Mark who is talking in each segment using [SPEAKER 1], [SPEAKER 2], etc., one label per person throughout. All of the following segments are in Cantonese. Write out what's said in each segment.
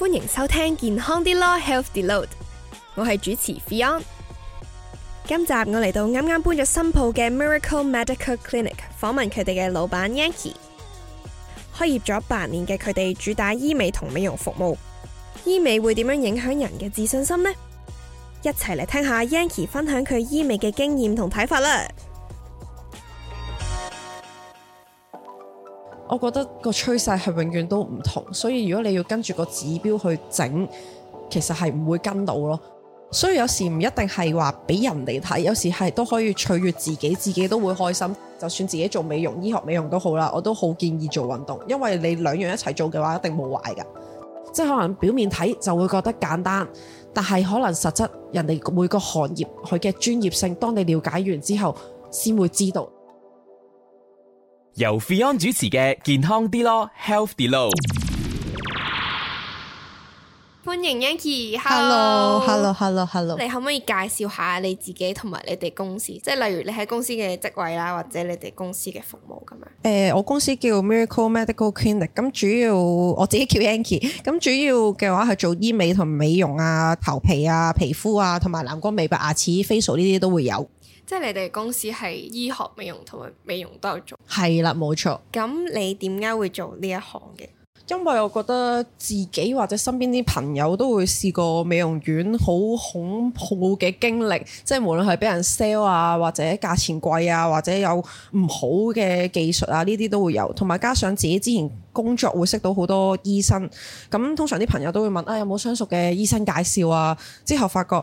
[SPEAKER 1] 歡迎收聽健康啲咯，Health Deload。我係主持 Fion。今集我嚟到啱啱搬咗新鋪嘅 Miracle Medical Clinic 訪問佢哋嘅老闆 Yanki。開業咗八年嘅佢哋主打醫美同美容服務。醫美會點樣影響人嘅自信心呢？一齊嚟聽下 Yanki 分享佢醫美嘅經驗同睇法啦。
[SPEAKER 2] 我覺得個趨勢係永遠都唔同，所以如果你要跟住個指標去整，其實係唔會跟到咯。所以有時唔一定係話俾人哋睇，有時係都可以取悅自己，自己都會開心。就算自己做美容、醫學美容都好啦，我都好建議做運動，因為你兩樣一齊做嘅話，一定冇壞㗎。即係可能表面睇就會覺得簡單，但係可能實質人哋每個行業佢嘅專業性，當你了解完之後，先會知道。由 Fion 主持嘅健康啲咯，Healthy 啲路。歡迎 Yanki，Hello，Hello，Hello，Hello，你
[SPEAKER 1] 可唔可以介紹下你自己同埋你哋公司？即係例如你喺公司嘅職位啦，或者你哋公司嘅服務咁
[SPEAKER 2] 樣？誒、呃，我公司叫 Miracle Medical Clinic，咁主要我自己叫 Yanki，咁主要嘅話係做醫美同美容啊、頭皮啊、皮膚啊，同埋藍光美白牙齒、facial 呢啲都會有。
[SPEAKER 1] 即係你哋公司係醫學美容同埋美容都有做，
[SPEAKER 2] 係啦，冇錯。
[SPEAKER 1] 咁你點解會做呢一行嘅？
[SPEAKER 2] 因為我覺得自己或者身邊啲朋友都會試過美容院好恐怖嘅經歷，即係無論係俾人 sell 啊，或者價錢貴啊，或者有唔好嘅技術啊，呢啲都會有。同埋加上自己之前工作會識到好多醫生，咁通常啲朋友都會問啊、哎，有冇相熟嘅醫生介紹啊？之後發覺。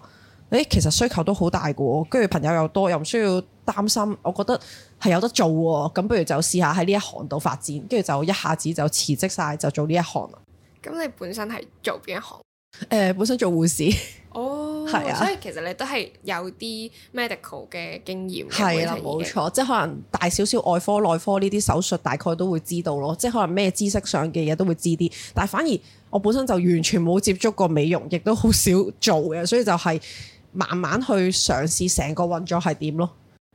[SPEAKER 2] 誒，其實需求都好大㗎喎，跟住朋友又多，又唔需要擔心，我覺得係有得做喎。咁不如就試下喺呢一行度發展，跟住就一下子就辭職晒，就做呢一行啦。
[SPEAKER 1] 咁你本身係做邊一行？
[SPEAKER 2] 誒、呃，本身做護士。
[SPEAKER 1] 哦，係啊，所以其實你都係有啲 medical 嘅經驗。係啦、啊，冇錯，
[SPEAKER 2] 即係可能大少少外科、內科呢啲手術，大概都會知道咯。即係可能咩知識上嘅嘢都會知啲。但係反而我本身就完全冇接觸過美容，亦都好少做嘅，所以就係、是。慢慢去嘗試成個運作係點咯。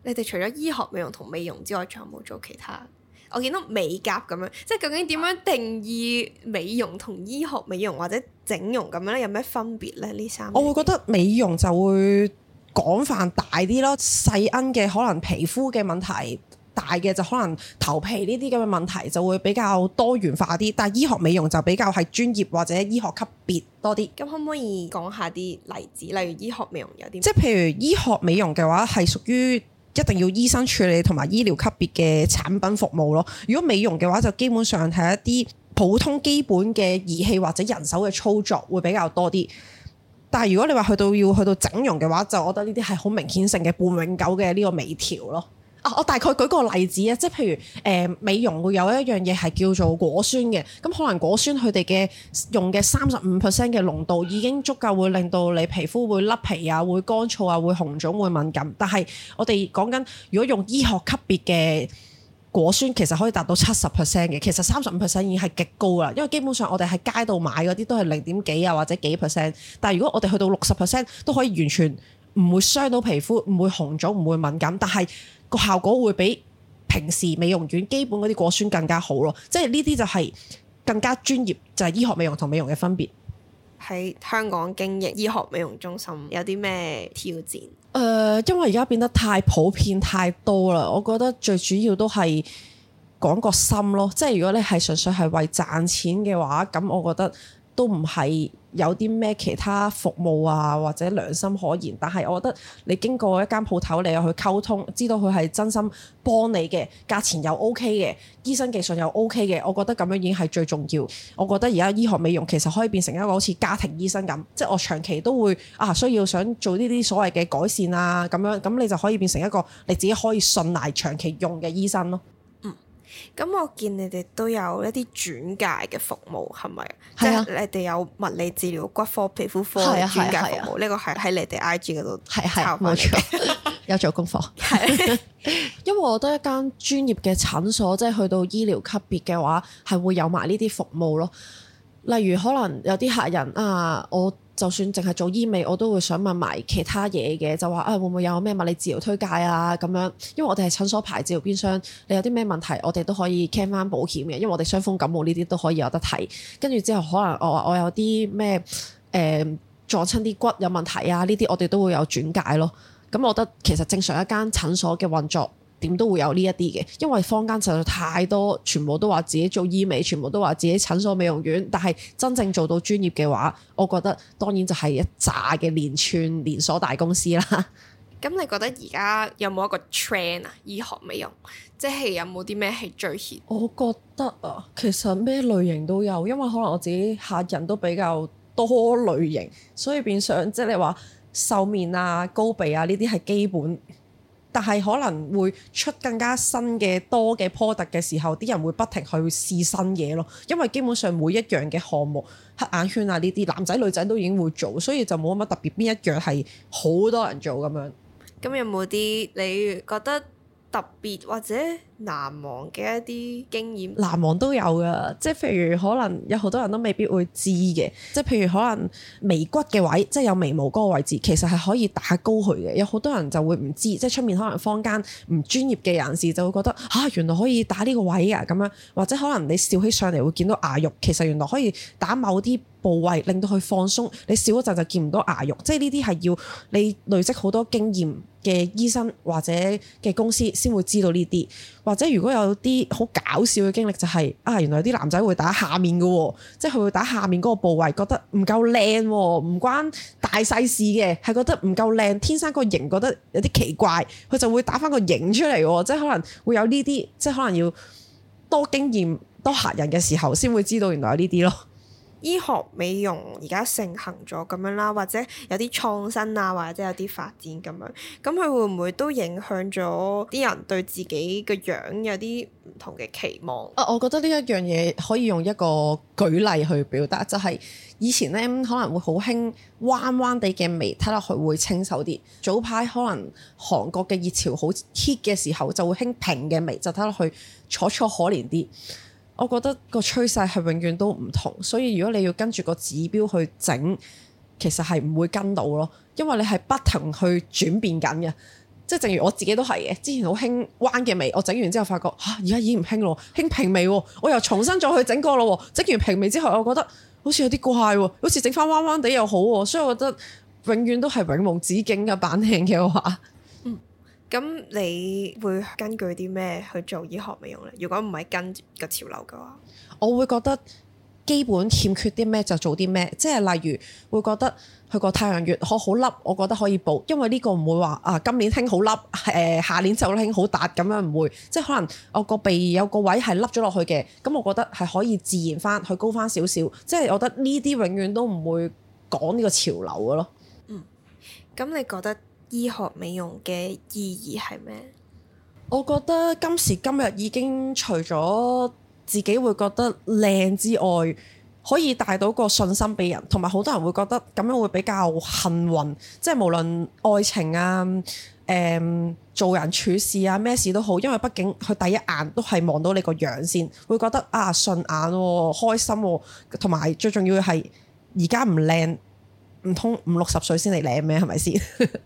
[SPEAKER 1] 你哋除咗醫學美容同美容之外，仲有冇做其他？我見到美甲咁樣，即係究竟點樣定義美容同醫學美容或者整容咁樣咧？有咩分別咧？呢三
[SPEAKER 2] 我會覺得美容就會廣泛大啲咯，細恩嘅可能皮膚嘅問題。大嘅就可能頭皮呢啲咁嘅問題就會比較多元化啲，但係醫學美容就比較係專業或者醫學級別多啲。咁可唔可以講下啲
[SPEAKER 1] 例子，例如醫學美容有啲？即係
[SPEAKER 2] 譬如醫學美容嘅話，係屬於一定要醫生處理同埋醫療級別嘅產品服務咯。如果美容嘅話，就基本上係一啲普通基本嘅儀器或者人手嘅操作會比較多啲。但係如果你話去到要去到整容嘅話，就我覺得呢啲係好明顯性嘅半永久嘅呢個微條咯。啊、哦！我大概舉個例子啊，即係譬如誒、呃、美容會有一樣嘢係叫做果酸嘅，咁可能果酸佢哋嘅用嘅三十五 percent 嘅濃度已經足夠會令到你皮膚會甩皮啊、會乾燥啊、會紅腫、會敏感。但係我哋講緊如果用醫學級別嘅果酸，其實可以達到七十 percent 嘅，其實三十五 percent 已經係極高啦，因為基本上我哋喺街度買嗰啲都係零點幾啊或者幾 percent，但係如果我哋去到六十 percent 都可以完全唔會傷到皮膚，唔會紅腫，唔會敏感，但係，個效果會比平時美容院基本嗰啲果酸更加好咯，即係呢啲就係更加專業，就係醫學美容同美容嘅分別。
[SPEAKER 1] 喺香港經營醫學美容中心有啲咩挑戰？
[SPEAKER 2] 誒、呃，因為而家變得太普遍太多啦，我覺得最主要都係講個心咯。即係如果你係純粹係為賺錢嘅話，咁我覺得都唔係。有啲咩其他服務啊，或者良心可言？但係我覺得你經過一間鋪頭，你有去溝通，知道佢係真心幫你嘅，價錢又 OK 嘅，醫生技術又 OK 嘅，我覺得咁樣已經係最重要。我覺得而家醫學美容其實可以變成一個好似家庭醫生咁，即係我長期都會啊需要想做呢啲所謂嘅改善啊咁樣，咁你就可以變成一個你自己可以信賴長期用嘅醫生咯。
[SPEAKER 1] 咁我見你哋都有一啲轉介嘅服務，係咪？啊、即係你哋有物理治療、骨科、皮膚科嘅轉介服務，呢、啊啊啊、個係喺你哋 IG 嗰度，
[SPEAKER 2] 係係冇錯，啊啊、錯 有做功課。係、 啊， 因為我覺得一間專業嘅診所，即係去到醫療級別嘅話，係會有埋呢啲服務咯。例如可能有啲客人啊，我就算淨係做醫美，我都會想問埋其他嘢嘅，就話啊會唔會有咩物理治療推介啊咁樣？因為我哋係診所牌照嘅邊商，你有啲咩問題，我哋都可以傾翻保險嘅。因為我哋傷風感冒呢啲都可以有得睇。跟住之後可能我話我有啲咩誒撞親啲骨有問題啊？呢啲我哋都會有轉介咯。咁我覺得其實正常一間診所嘅運作。點都會有呢一啲嘅，因為坊間實在太多，全部都話自己做醫美，全部都話自己診所美容院，但係真正做到專業嘅話，我覺得當然就係一揸嘅連串連鎖大公司啦。
[SPEAKER 1] 咁你覺得而家有冇一個 trend 啊？醫學美容即係有冇啲咩係最 hit？
[SPEAKER 2] 我覺得啊，其實咩類型都有，因為可能我自己客人都比較多類型，所以變相即係你話瘦面啊、高鼻啊呢啲係基本。但係可能會出更加新嘅多嘅 product 嘅時候，啲人會不停去試新嘢咯。因為基本上每一樣嘅項目，黑眼圈啊呢啲男仔女仔都已經會做，所以就冇乜特別邊一樣係好多人做咁樣。
[SPEAKER 1] 咁有冇啲你覺得特別或者？難忘嘅一啲經驗，難
[SPEAKER 2] 忘都有㗎，即係譬如可能有好多人都未必會知嘅，即係譬如可能眉骨嘅位，即係有眉毛嗰個位置，其實係可以打高佢嘅。有好多人就會唔知，即係出面可能坊間唔專業嘅人士就會覺得啊，原來可以打呢個位啊咁樣，或者可能你笑起上嚟會見到牙肉，其實原來可以打某啲部位令到佢放鬆，你笑嗰陣就見唔到牙肉。即係呢啲係要你累積好多經驗嘅醫生或者嘅公司先會知道呢啲。或者如果有啲好搞笑嘅經歷，就是，就係啊，原來有啲男仔會打下面嘅。哦，即係佢會打下面嗰個部位，覺得唔夠靚，唔關大細事嘅，係覺得唔夠靚，天生嗰個型覺得有啲奇怪，佢就會打翻個型出嚟。哦，即係可能會有呢啲，即係可能要多經驗多客人嘅時候，先會知道原來有呢啲咯。
[SPEAKER 1] 醫學美容而家盛行咗咁樣啦，或者有啲創新啊，或者有啲發展咁樣，咁佢會唔會都影響咗啲人對自己嘅樣有啲唔同嘅期望？
[SPEAKER 2] 啊，我覺得呢一樣嘢可以用一個舉例去表達，就係以前咧可能會好興彎彎地嘅眉，睇落去會清秀啲；早排可能韓國嘅熱潮好 hit 嘅時候，就會興平嘅眉，就睇落去楚楚可憐啲。我覺得個趨勢係永遠都唔同，所以如果你要跟住個指標去整，其實係唔會跟到咯，因為你係不停去轉變緊嘅。即係正如我自己都係嘅，之前好興彎嘅眉，我整完之後發覺嚇，而家已經唔興咯，興平眉，我又重新再去整過咯。整完平眉之後，我覺得好似有啲怪，好似整翻彎彎地又好，所以我覺得永遠都係永無止境嘅版硬嘅畫。
[SPEAKER 1] 咁你會根據啲咩去做醫學美容呢？如果唔係跟個潮流嘅話，
[SPEAKER 2] 我會覺得基本欠缺啲咩就做啲咩，即係例如會覺得佢個太陽穴好好凹，我覺得可以補，因為呢個唔會話啊今年興好凹，誒、呃、下年就咧興好凸咁樣唔會，即係可能我個鼻有個位係凹咗落去嘅，咁我覺得係可以自然翻去高翻少少，即係我覺得呢啲永遠都唔會講呢個潮流嘅
[SPEAKER 1] 咯。嗯，咁你覺得醫學美容嘅意義係咩？
[SPEAKER 2] 我覺得今時今日已經除咗自己會覺得靚之外，可以帶到個信心俾人，同埋好多人會覺得咁樣會比較幸運，即係無論愛情啊、誒、嗯、做人處事啊咩事都好，因為畢竟佢第一眼都係望到你個樣先，會覺得啊順眼啊、開心、啊，同埋最重要係而家唔靚，唔通五六十歲先嚟靚咩？係咪先？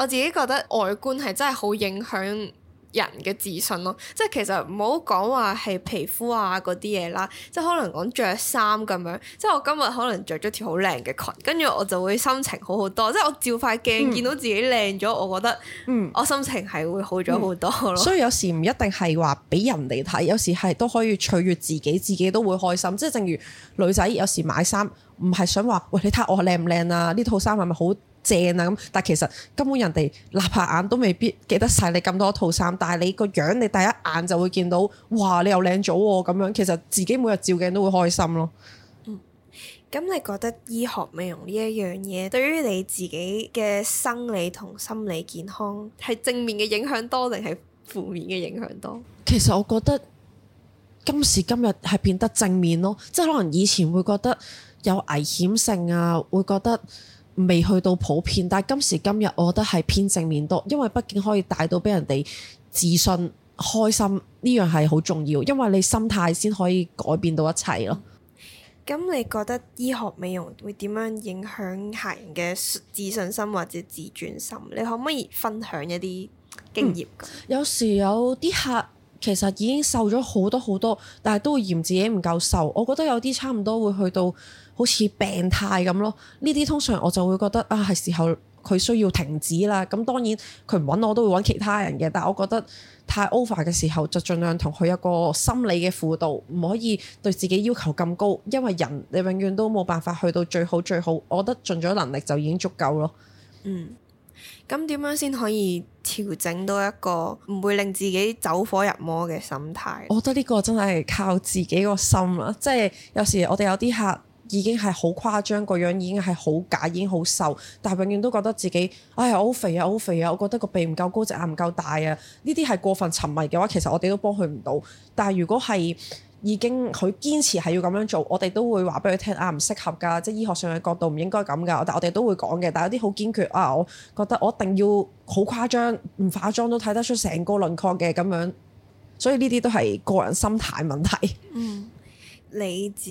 [SPEAKER 1] 我自己覺得外觀係真係好影響人嘅自信咯，即係其實唔好講話係皮膚啊嗰啲嘢啦，即係可能講着衫咁樣，即係我今日可能着咗條好靚嘅裙，跟住我就會心情好好多，即係我照塊鏡見到自己靚咗，嗯、我覺得，嗯，我心情係會好咗好多咯、嗯嗯。所以
[SPEAKER 2] 有時唔一定係話俾人哋睇，有時係都可以取悅自己，自己都會開心。即係正如女仔有時買衫，唔係想話，喂，你睇我靚唔靚啊？呢套衫係咪好？正啊，咁，但係其實根本人哋立下眼都未必記得晒你咁多套衫，但係你個樣你第一眼就會見到，哇！你又靚咗喎咁樣，其實自己每日照鏡都會開心咯。嗯，
[SPEAKER 1] 咁你覺得醫學美容呢一樣嘢，對於你自己嘅生理同心理健康係正面嘅影響多，定係負面嘅影響多？
[SPEAKER 2] 其實我覺得今時今日係變得正面咯，即係可能以前會覺得有危險性啊，會覺得。未去到普遍，但係今時今日，我覺得係偏正面多，因為畢竟可以帶到俾人哋自信、開心，呢樣係好重要，因為你心態先可以改變到一切咯。
[SPEAKER 1] 咁、嗯、你覺得醫學美容會點樣影響客人嘅自信心或者自尊心？你可唔可以分享一啲經驗？嗯、
[SPEAKER 2] 有時有啲客。其實已經瘦咗好多好多，但係都會嫌自己唔夠瘦。我覺得有啲差唔多會去到好似病態咁咯。呢啲通常我就會覺得啊，係時候佢需要停止啦。咁當然佢唔揾我，都會揾其他人嘅。但係我覺得太 over 嘅時候，就盡量同佢一個心理嘅輔導，唔可以對自己要求咁高，因為人你永遠都冇辦法去到最好最好。我覺得盡咗能力就已經足夠咯。
[SPEAKER 1] 嗯。咁點樣先可以調整到一個唔會令自己走火入魔嘅心態？
[SPEAKER 2] 我覺得呢個真係靠自己個心啦。即係有時我哋有啲客已經係好誇張，個樣已經係好假，已經好瘦，但係永遠都覺得自己，哎呀我好肥啊，好肥啊！我覺得個鼻唔夠高，隻眼唔夠大啊！呢啲係過分沉迷嘅話，其實我哋都幫佢唔到。但係如果係，已經佢堅持係要咁樣做，我哋都會話俾佢聽啊，唔適合㗎，即係醫學上嘅角度唔應該咁㗎。但我哋都會講嘅。但係有啲好堅決啊，我覺得我一定要好誇張，唔化妝都睇得出成個輪廓嘅咁樣。所以呢啲都係個人心態問題。嗯，你自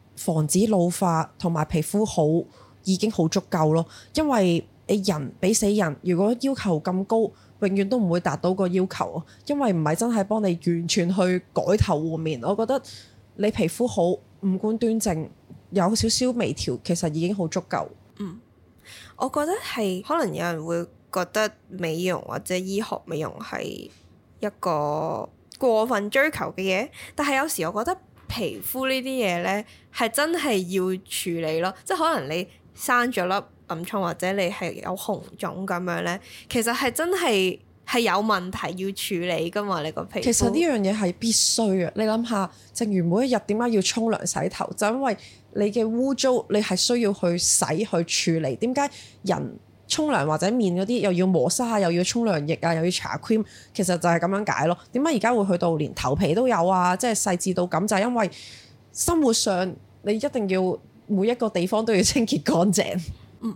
[SPEAKER 2] 防止老化同埋皮膚好已經好足夠咯，因為你人比死人，如果要求咁高，永遠都唔會達到個要求啊！因為唔係真係幫你完全去改頭換面，我覺得你皮膚好、五官端正、有少少微調，其實已經好足夠。
[SPEAKER 1] 嗯，我覺得係可能有人會覺得美容或者醫學美容係一個過分追求嘅嘢，但係有時我覺得。皮膚呢啲嘢呢，係真係要處理咯。即係可能你生咗粒暗瘡，或者你係有紅腫咁樣呢，其實係真係係有問題要處理噶嘛。你個皮膚其實呢
[SPEAKER 2] 樣嘢係必須嘅。你諗下，正如每一日點解要沖涼洗頭，就因為你嘅污糟，你係需要去洗去處理。點解人？沖涼或者面嗰啲又要磨砂，又要沖涼液啊，又要搽 cream，其實就係咁樣解咯。點解而家會去到連頭皮都有啊？即係細緻到咁，就係、是、因為生活上你一定要每一個地方都要清潔乾淨。嗯，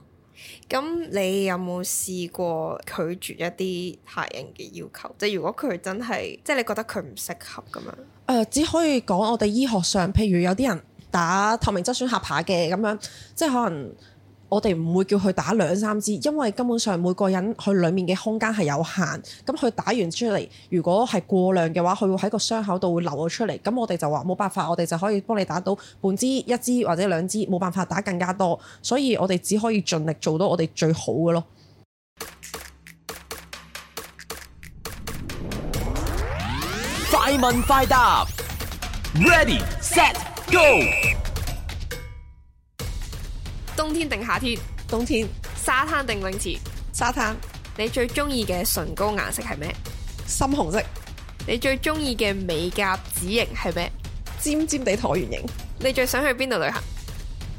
[SPEAKER 1] 咁你有冇試過拒絕一啲客人嘅要求？即係如果佢真係即係你覺得佢唔適合咁樣？
[SPEAKER 2] 誒、呃，只可以講我哋醫學上，譬如有啲人打透明質酸下巴嘅咁樣，即係可能。我哋唔會叫佢打兩三支，因為根本上每個人佢裡面嘅空間係有限，咁佢打完出嚟，如果係過量嘅話，佢會喺個傷口度會流咗出嚟。咁我哋就話冇辦法，我哋就可以幫你打到半支、一支或者兩支，冇辦法打更加多。所以我哋只可以盡力做到我哋最好嘅咯。快問快答，Ready, Set, Go！
[SPEAKER 1] 冬天定夏天？冬天。沙灘定泳池？沙灘灘。你最中意嘅唇膏顏色係咩？深紅色。你最中意嘅美甲指型
[SPEAKER 2] 係咩？尖尖地橢圓形。
[SPEAKER 1] 你最想去邊度旅行？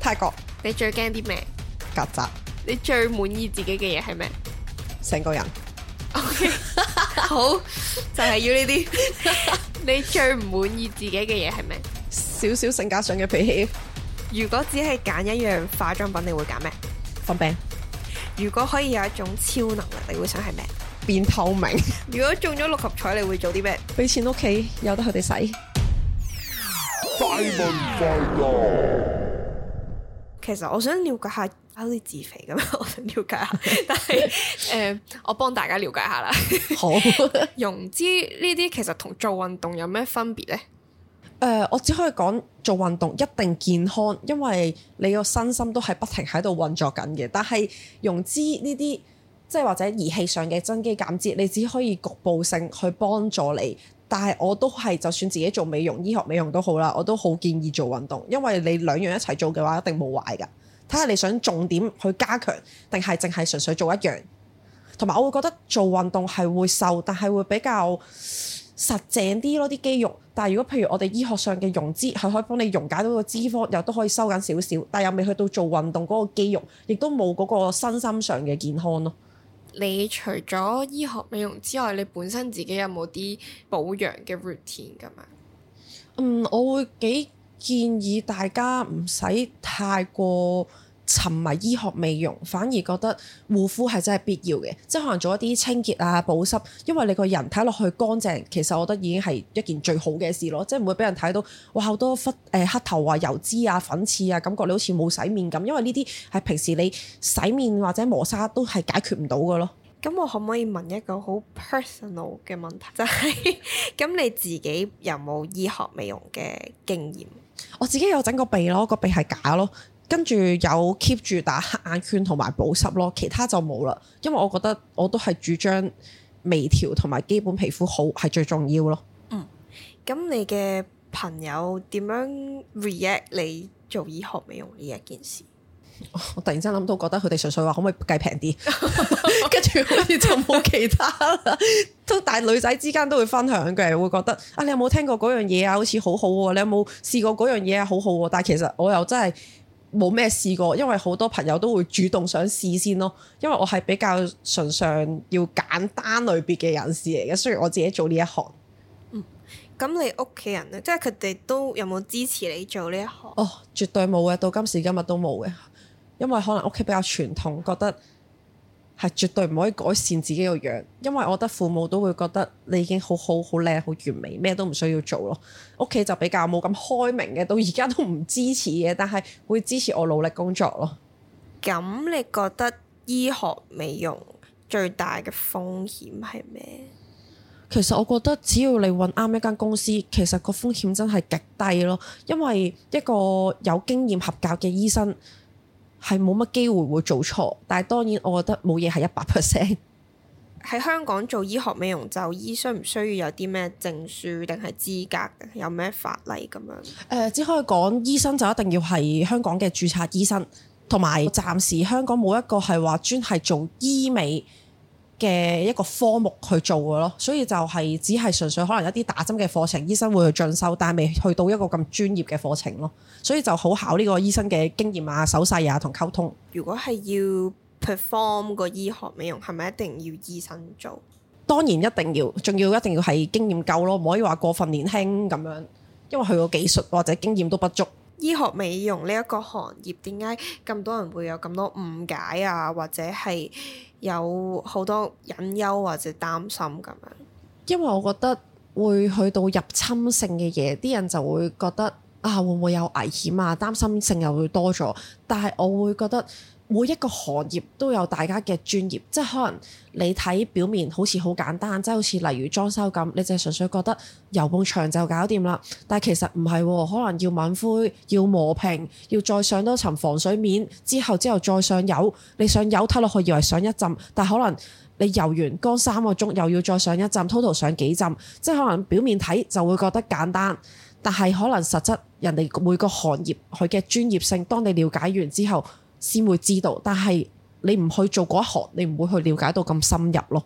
[SPEAKER 1] 泰國。你最驚啲咩？
[SPEAKER 2] 曱甴螂。
[SPEAKER 1] 你最滿意自己嘅嘢係咩？
[SPEAKER 2] 成個人。
[SPEAKER 1] OK， 好， 就係要呢啲。 你最唔滿意自己嘅嘢係咩？
[SPEAKER 2] 少少性格上嘅脾氣。如果只係揀一樣化
[SPEAKER 1] 妝品，你會揀咩？粉餅餅。如果可以有一種超能力，你會想係咩？變
[SPEAKER 2] 透明。 如
[SPEAKER 1] 果中咗六合彩，你會做啲咩？俾錢屋企，由得佢哋使。快問快答。
[SPEAKER 2] 其
[SPEAKER 1] 實我想了解下，好似自肥咁樣，我想了解下。但係，誒、 呃，我幫大家了解下啦。好，溶脂呢啲其實同做運動有咩分別呢？
[SPEAKER 2] 誒、呃，我只可以講做運動一定健康，因為你個身心都係不停喺度運作緊嘅。但係溶脂呢啲即係或者儀器上嘅增肌減脂，你只可以局部性去幫助你。但係我都係，就算自己做美容、醫學美容都好啦，我都好建議做運動，因為你兩樣一齊做嘅話，一定冇壞噶。睇下你想重點去加強，定係淨係純粹做一樣？同埋我會覺得做運動係會瘦，但係會比較，實淨啲咯，啲肌肉。但係如果譬如我哋醫學上嘅溶脂係可以幫你溶解到個脂肪，又都可以收緊少少。但係又未去到做運動嗰個肌肉，亦都冇嗰個身心上嘅健康咯。你除咗
[SPEAKER 1] 醫學美容之外，你本身自己有冇啲保養嘅 routine 㗎嘛？嗯，
[SPEAKER 2] 我會幾建議大家唔使太過。沉迷醫學美容，反而覺得護膚係真係必要嘅，即係可能做一啲清潔啊、保濕，因為你個人睇落去乾淨，其實我覺得已經係一件最好嘅事咯，即係唔會俾人睇到哇好多忽誒、呃、黑頭啊、油脂啊、粉刺啊，感覺你好似冇洗面咁，因為呢啲係平時你洗面或者磨砂都係解決唔到㗎咯。咁我可唔可以問
[SPEAKER 1] 一個好 personal 嘅問題？就係、是、咁你自己有冇醫學美容嘅經驗？
[SPEAKER 2] 我自己有整個鼻咯，個鼻係假咯。跟住有 keep 住打黑眼圈同埋保濕咯，其他就冇啦。因為我覺得我都係主張微調同埋基本皮膚好係最重要咯。嗯，
[SPEAKER 1] 咁你嘅朋友點樣 react 你做醫學美容呢一件事？
[SPEAKER 2] 我突然間諗到，覺得佢哋純粹話可唔可以計平啲，跟住 好似就冇其他啦。都但係女仔之間都會分享嘅，會覺得啊，你有冇聽過嗰樣嘢啊？好似好好、啊、喎，你有冇試過嗰樣嘢啊？好好喎，但係其實我又真係。冇咩試過，因為好多朋友都會主動想試先咯。因為我係比較崇尚要簡單類別嘅人士嚟嘅，雖然我自己做呢一行。
[SPEAKER 1] 嗯，咁你屋企人呢？即係佢哋都有冇支持你做呢一行？
[SPEAKER 2] 哦，絕對冇嘅，到今時今日都冇嘅，因為可能屋企比較傳統，覺得。係絕對唔可以改善自己個樣，因為我覺得父母都會覺得你已經好好好靚，好完美，咩都唔需要做咯。屋企就比較冇咁開明嘅，到而家都唔支持嘅，但係會支持我努力工作咯。
[SPEAKER 1] 咁你覺得醫學美容最大嘅風險係咩？
[SPEAKER 2] 其實我覺得只要你揾啱一間公司，其實個風險真係極低咯，因為一個有經驗合格嘅醫生。係冇乜機會會做錯，但係當然我覺得冇嘢係一百 percent。
[SPEAKER 1] 喺香港做醫學美容就醫，需唔需要有啲咩證書定係資格？有咩法例咁樣？
[SPEAKER 2] 誒、呃、只可以講醫生就一定要係香港嘅註冊醫生，同埋暫時香港冇一個係話專係做醫美。嘅一個科目去做嘅咯，所以就係只係純粹可能一啲打針嘅課程，醫生會去進修，但係未去到一個咁專業嘅課程咯。所以就好考呢個醫生嘅經驗啊、手勢啊同溝通。
[SPEAKER 1] 如果係要 perform 個醫學美容，係咪一定要醫生
[SPEAKER 2] 做？當然一定要，仲要一定要係經驗夠咯，唔可以話過分年輕咁樣，因為佢個技術或者經驗都不足。
[SPEAKER 1] 醫學美容呢一個行業，點解咁多人會有咁多誤解啊？或者係？有好多隱憂或者擔心咁樣，
[SPEAKER 2] 因為我覺得會去到入侵性嘅嘢，啲人就會覺得啊會唔會有危險呀，擔心性又會多咗。但係我會覺得，每一個行業都有大家嘅專業，即係可能你睇表面好似好簡單，即係好似例如裝修咁，你就純粹覺得油碰牆就搞掂啦。但係其實唔係，可能要抹灰、要磨平、要再上多層防水面，之後之後再上油。你上油睇落去以為上一浸，但係可能你油完乾三個鐘又要再上一浸，total 上幾浸。即係可能表面睇就會覺得簡單，但係可能實質人哋每個行業佢嘅專業性，當你了解完之後，先會知道，但係你唔去做嗰行，你唔會去了解到咁深入咯。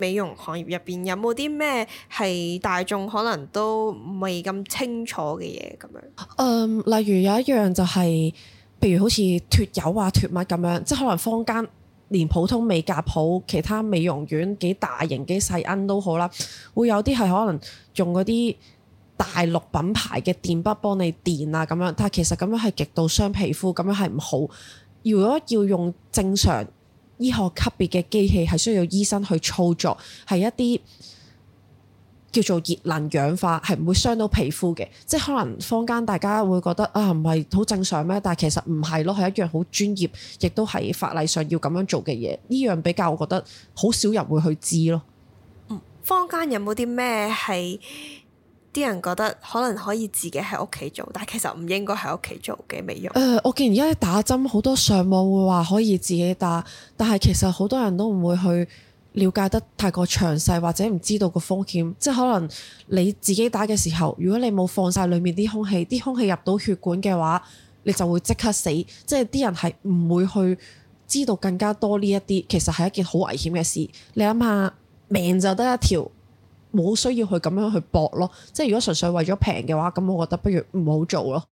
[SPEAKER 1] 美容行業入邊有冇啲咩係大眾可能都未咁清楚嘅嘢咁樣？
[SPEAKER 2] 嗯，例如有一樣就係，譬如好似脫疣啊、脫癦咁樣，即係可能坊間連普通美甲鋪、其他美容院幾大型幾細奀都好啦，會有啲係可能用嗰啲大陸品牌嘅電筆幫你電啊咁樣，但係其實咁樣係極度傷皮膚，咁樣係唔好。如果要用正常醫學級別嘅機器，係需要醫生去操作，係一啲叫做熱能氧化，係唔會傷到皮膚嘅。即係可能坊間大家會覺得啊，唔係好正常咩？但係其實唔係咯，係一樣好專業，亦都係法例上要咁樣做嘅嘢。呢樣比較，我覺得好少人會去知咯。
[SPEAKER 1] 坊間有冇啲咩係？啲人覺得可能可以自己喺屋企做，但其實唔應該喺屋企做嘅美容。
[SPEAKER 2] 誒、呃，我見而家打針好多上網會話可以自己打，但係其實好多人都唔會去了解得太過詳細，或者唔知道個風險。即係可能你自己打嘅時候，如果你冇放晒裡面啲空氣，啲空氣入到血管嘅話，你就會即刻死。即係啲人係唔會去知道更加多呢一啲，其實係一件好危險嘅事。你諗下，命就得一條。冇需要去咁樣去搏咯，即係如果純粹為咗平嘅話，咁我覺得不如唔好做咯。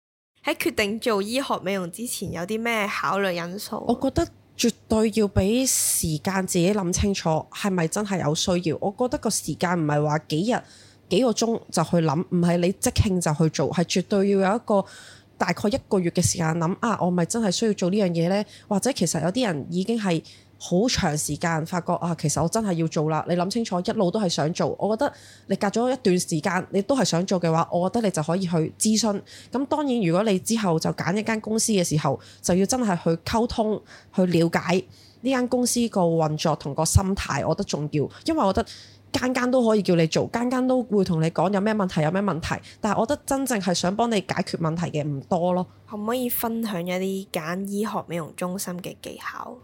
[SPEAKER 1] 喺決定做醫學美容之前，有啲咩考慮因素？我
[SPEAKER 2] 覺得絕對要俾時間自己諗清楚，係咪真係有需要？我覺得個時間唔係話幾日幾個鐘就去諗，唔係你即興就去做，係絕對要有一個大概一個月嘅時間諗：「啊，我咪真係需要做呢樣嘢呢？」或者其實有啲人已經係。好長時間發覺啊，其實我真係要做啦！你諗清楚，一路都係想做。我覺得你隔咗一段時間，你都係想做嘅話，我覺得你就可以去諮詢。咁當然，如果你之後就揀一間公司嘅時候，就要真係去溝通、去了解呢間公司個運作同個心態。我覺得重要，因為我覺得間間都可以叫你做，間間都會同你講有咩問題，有咩問題。但係我覺得真正係想幫你解決問題嘅唔多咯。
[SPEAKER 1] 可唔可以分享一啲揀醫學美容中心嘅技巧？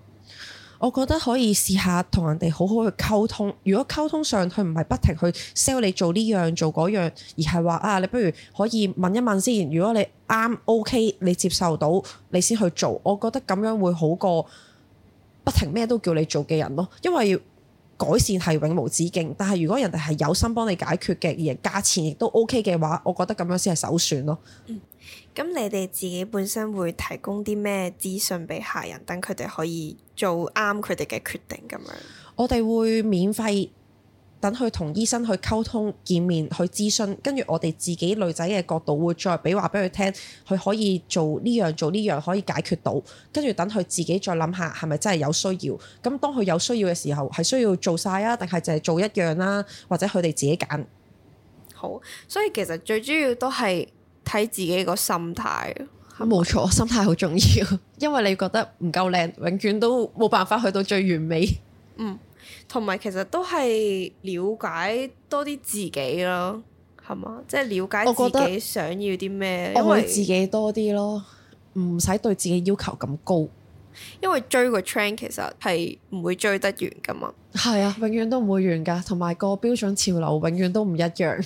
[SPEAKER 2] 我覺得可以試下同人哋好好去溝通。如果溝通上佢唔係不停去 sell 你做呢樣做嗰樣，而係話啊，你不如可以問一問先。如果你啱 OK，你接受到你先去做。我覺得咁樣會好過不停咩都叫你做嘅人咯。因為改善係永無止境，但係如果人哋係有心幫你解決嘅，而價錢亦都 OK 嘅話，我覺得咁樣先係首選咯。嗯，
[SPEAKER 1] 咁你哋自己本身會提供啲咩資訊俾客人，等佢哋可以？做啱佢哋嘅決定咁樣，
[SPEAKER 2] 我哋會免費等佢同醫生去溝通、見面、去諮詢，跟住我哋自己女仔嘅角度會再俾話俾佢聽，佢可以做呢樣、做呢樣可以解決到，跟住等佢自己再諗下係咪真係有需要。咁當佢有需要嘅時候，係需要做晒啊，定係淨係做一樣啦，或者佢哋自己揀。
[SPEAKER 1] 好，所以其實最主要都係睇自己個心態。
[SPEAKER 2] 冇錯，心態好重要，因為你覺得唔夠靚，永遠都冇辦法去到最完美。
[SPEAKER 1] 嗯，同埋其實都係了解多啲自己咯，係嘛？即係了解自己想要啲咩，因為自己
[SPEAKER 2] 多啲咯，唔使對自己要求咁高，因
[SPEAKER 1] 為，因為追個 trend 其實係唔會追得完噶嘛。
[SPEAKER 2] 係啊，永遠都唔會完噶，同埋個標準潮流永遠都唔一樣。